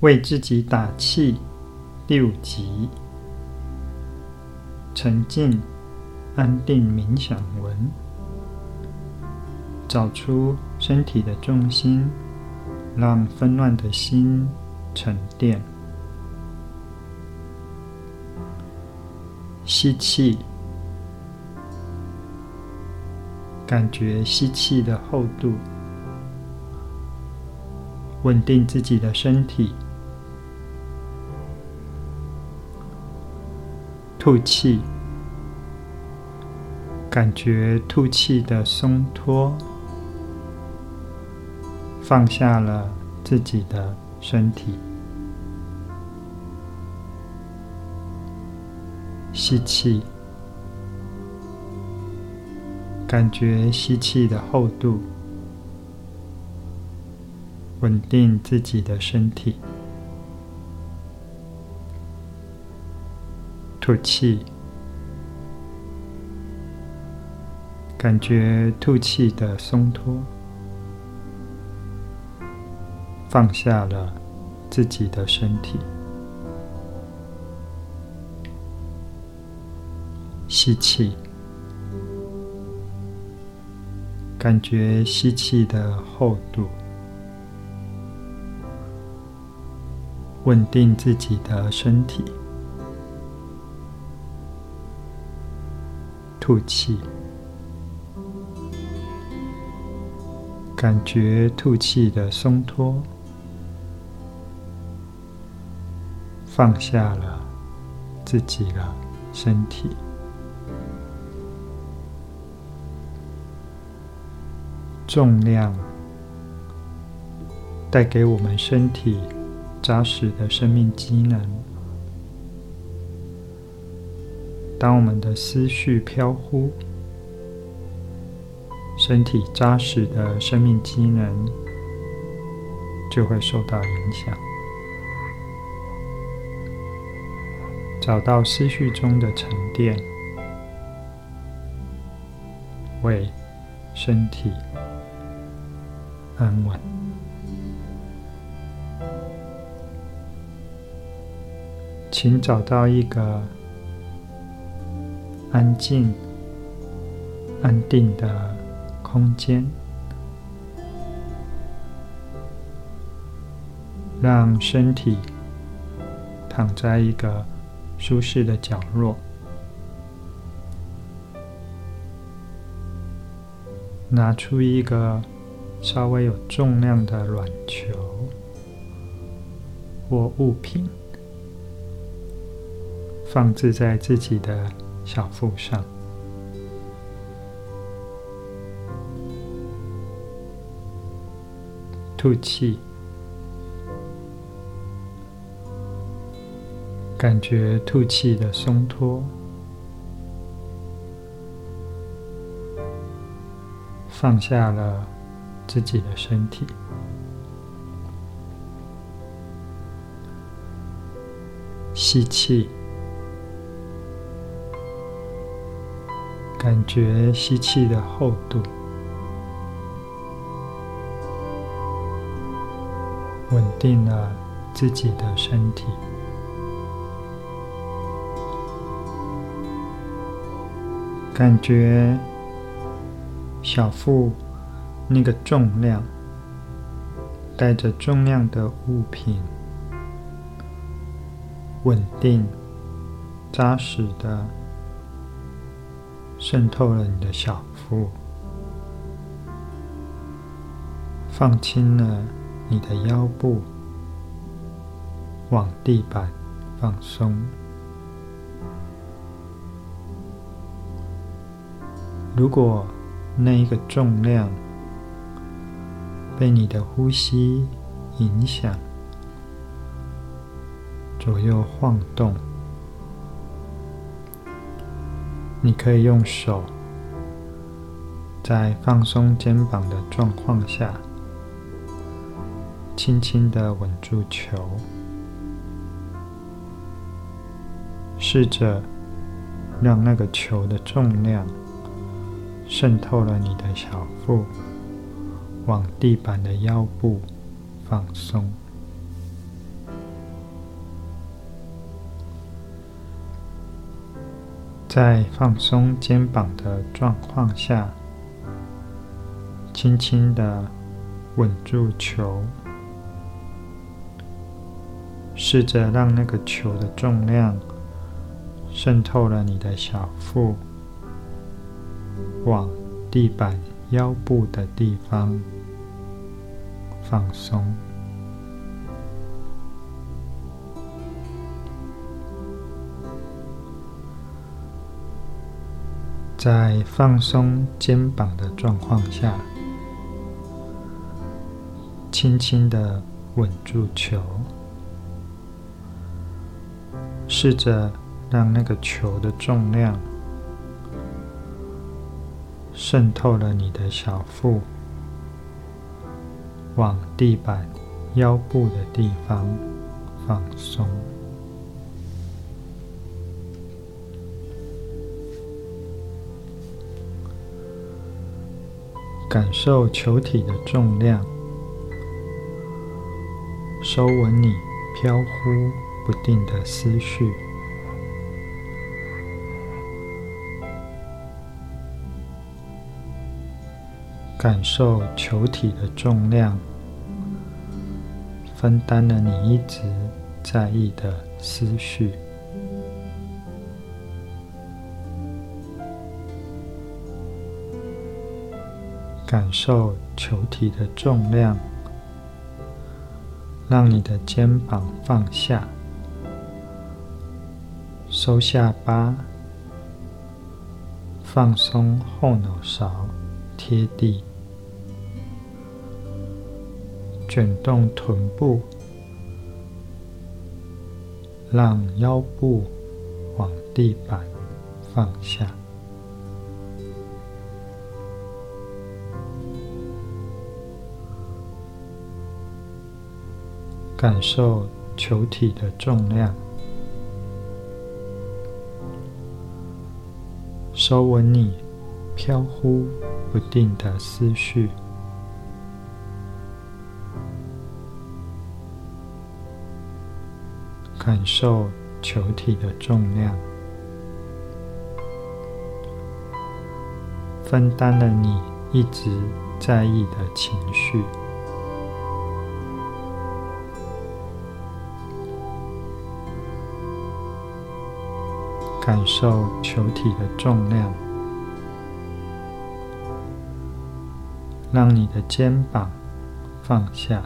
為自己打氣，六集沉靜安定冥想文，找出身體的重心，讓紛亂的心沉澱。吸氣，感覺吸氣的厚度，穩定自己的身體。吐氣，感覺吐氣的鬆脫，放下了自己的身體；吸氣，感覺吸氣的厚度，穩定自己的身體。吐氣，感覺吐氣的鬆脫，放下了自己的身體。吸氣，感覺吸氣的厚度，穩定自己的身體。吐氣，感覺吐氣的鬆脫，放下了自己的身體。重量帶給我們身體紮實的生命機能。當我們的思緒飄忽，身體紮實的生命機能就會受到影響。找到思緒中的沉澱，為身體安穩。請找到一個。安靜、安定的空間，讓身體躺在一個舒適的角落，拿出一個稍微有重量的軟球或物品，放置在自己的。小腹上，吐氣，感覺吐氣的鬆脫，放下了自己的身體，吸氣。感覺吸氣的厚度，穩定了自己的身體。感覺小腹那個重量，帶着重量的物品，穩定紮實的。滲透了你的小腹，放輕了你的腰部，往地板放鬆。如果那一個重量被你的呼吸影響，左右晃動。你可以用手在放鬆肩膀的狀況下，輕輕的穩住球，試着讓那個球的重量滲透了你的小腹，往地板的腰部放鬆。在放鬆肩膀的狀況下，輕輕的穩住球，試着讓那個球的重量滲透了你的小腹，往地板腰部的地方放鬆。在放鬆肩膀的狀況下，輕輕的穩住球，試着讓那個球的重量滲透了你的小腹，往地板腰部的地方放鬆。感受球體的重量，收穩你飄忽不定的思緒。感受球體的重量，分擔了你一直在意的思緒。感受球體的重量，讓你的肩膀放下，收下巴，放鬆後腦勺，貼地，捲動臀部，讓腰部往地板放下。感受球體的重量，收穩你飄忽不定的思緒。感受球體的重量，分擔了你一直在意的情緒。感受球體的重量，讓你的肩膀放下，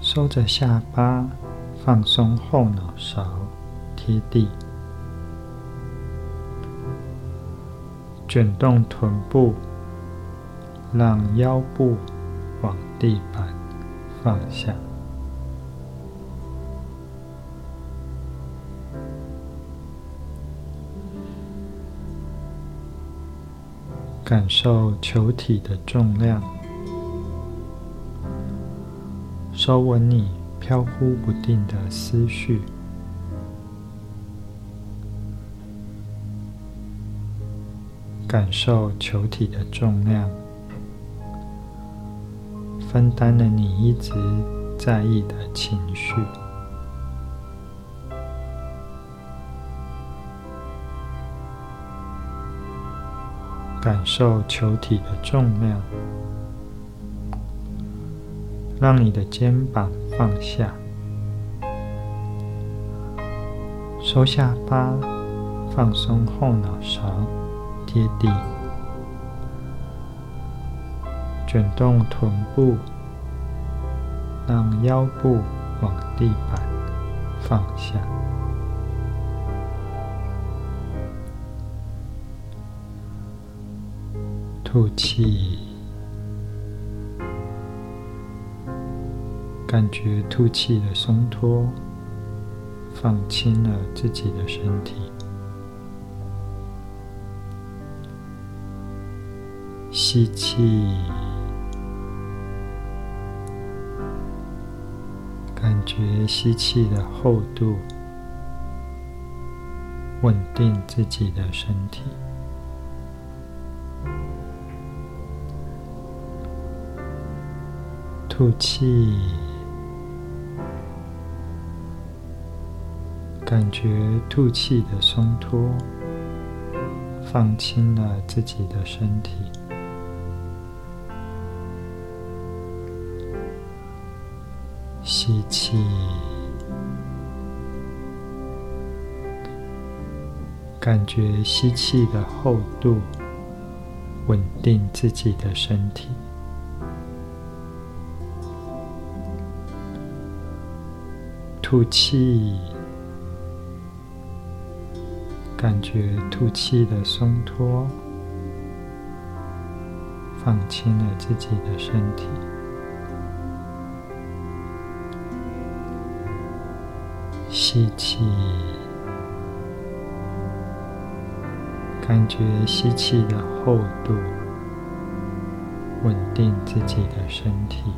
收着下巴，放鬆後腦勺貼地，捲動臀部，讓腰部往地板放下。感受球體的重量，收穩你飄忽不定的思緒。感受球體的重量，分擔了你一直在意的情緒。感受球體的重量，讓你的肩膀放下，收下巴，放鬆後腦勺，貼地，捲動臀部，讓腰部往地板放下。吐氣，感覺吐氣的鬆脫，放輕了自己的身體。吸氣，感覺吸氣的厚度，穩定自己的身體。吐氣，感覺吐氣的鬆脫，放輕了自己的身體。吸氣，感覺吸氣的厚度，穩定自己的身體。吐氣，感覺吐氣的鬆脫，放輕了自己的身體；吸氣，感覺吸氣的厚度，穩定自己的身體。